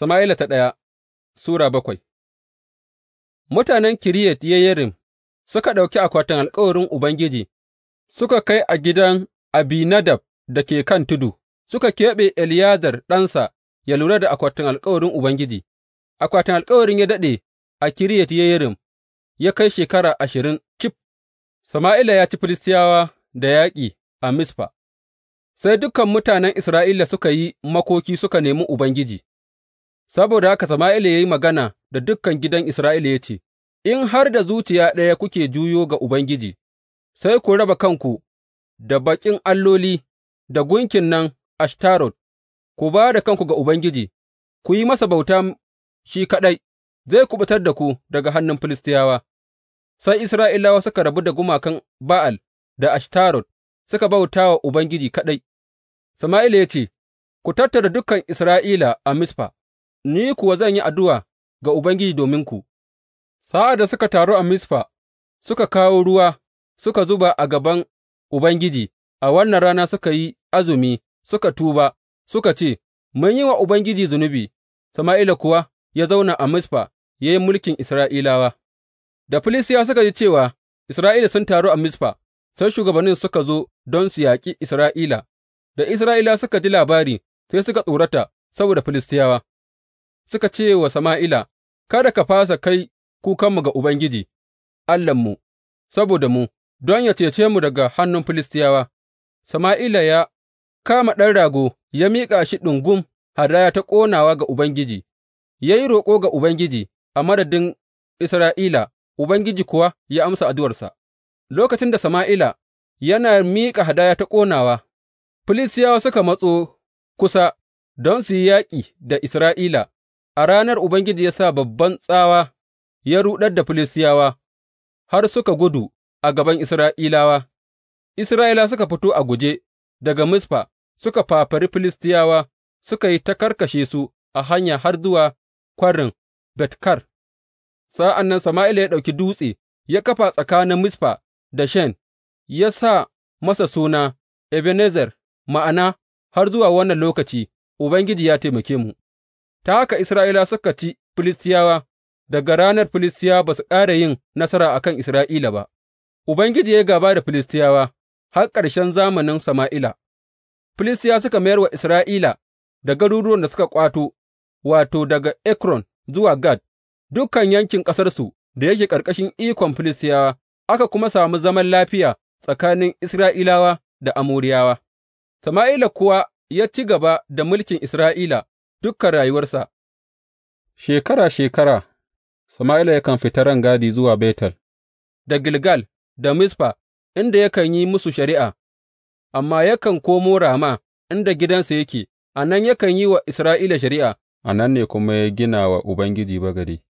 Sama'ila ta ɗaya Sura bakwai Mutanen Kiriyat Yeyarim suka ɗauki akwatin alkawarin Ubangiji suka kai a gidan Abinadab da ke kan tudu, suka keɓe eliyazar ɗansa ya lura da akwatin alkawarin Ubangiji. Akwatin alkawarin ya daɗe a Kiriyat Yeyarim ya kai shekara ashirin cif. Sama'ila ya ci Filistiyawa da yaƙi a Misfa, sai dukan mutanen Isra'ila suka yi makoki suka nemi Ubangiji. Saboda haka Sama'ila ya yi magana da dukan gidan Isra'ila ya ce, In har da zuciya ɗaya kuke juyo ga Ubangiji, sai ku raba kanku da baƙin alloli da gunkin nan Ashtarot, ku ba da kanku ga Ubangiji, ku yi masa bauta shi kaɗai, zai kuɓutar da ku daga hannun Filistiyawa. Sai Isra'ilawa suka rabu da gumakan Ba'al da Ashtarot suka bauta wa Ubangiji kaɗai. Sama'ila ya ce, Ku tattara dukan Isra'ila a Mizfa. ni kuwa zan yi addu'a ga Ubangiji dominku. Sa'ad da suka taru a Misfa, suka kawo ruwa suka zuba a gaban Ubangiji, a wannan rana suka yi azumi, suka tuba, suka ce, Mun yi wa Ubangiji zunubi, Sama'ila kuwa ya zauna a Misfa ya yi mulkin Isra'ilawa. Da Filistiyawa suka ji cewa Isra'ila sun taru a Misfa, sai shugabannin suka zo don su yaƙi Isra'ila. Da Isra'ilawa suka ji labari, sai suka tsorata saboda Filistiyawa. suka ce wa Sama'ila, Kada ka fasa kai kukanmu ga Ubangiji Allahnmu saboda mu, don yă cece mu daga hannun Filistiyawa. Sama'ila ya kama ɗan rago ya miƙa shi ɗungum hadaya ta ƙonawa ga Ubangiji, ya yi roƙo ga Ubangiji a madadin Isra'ila, Ubangiji kuwa ya amsa addu'arsa. Lokacin da Sama'ila yana miƙa hadaya ta ƙonawa, Filistiyawa suka matso kusa don su yi yaƙi da Isra'ila, A ranar Ubangiji ya sa babban tsawa ya ruɗar da Filistiyawa, har suka gudu a gaban Isra'ilawa, Isra'ila suka fito a guje daga Mizfa suka fafari Filistiyawa suka yi ta karkashe su a hanya har zuwa kwarin Betkar. Sa'an nan Sama'ila ya ɗauki dutse ya kafa tsakanin Mizfa da Shen, ya sa masa suna Ebenezer, ma'ana, har zuwa wannan lokaci Ubangiji ya taimake mu. ta haka Isra'ila suka ci Filistiyawa, daga ranar Filistiyawa ba su ƙara yin nasara a kan Isra'ila ba, Ubangiji ya gaba da Filistiyawa har ƙarshen zamanin Sama'ila, Filistiyawa suka mayar wa Isra'ila da garuruwan da suka ƙwato, wato, daga Ekron zuwa Gad, dukkan yankin ƙasarsu da yake ƙarƙashin ikon Filistiyawa, aka kuma samu zaman lafiya tsakanin Isra'ilawa da Amoriyawa. Sama'ila kuwa ya ci gaba da mulkin Isra'ila dukan rayuwarsa, shekara shekara, Sama'ila yakan fita rangadi zuwa Betel, da Gilgal, da mispa inda yakan yi musu shari'a, amma yakan komo Rama, inda gidansa yake, a nan yakan yi wa Isra'ila shari'a, a nan ne kuma ya gina wa Ubangiji bagade.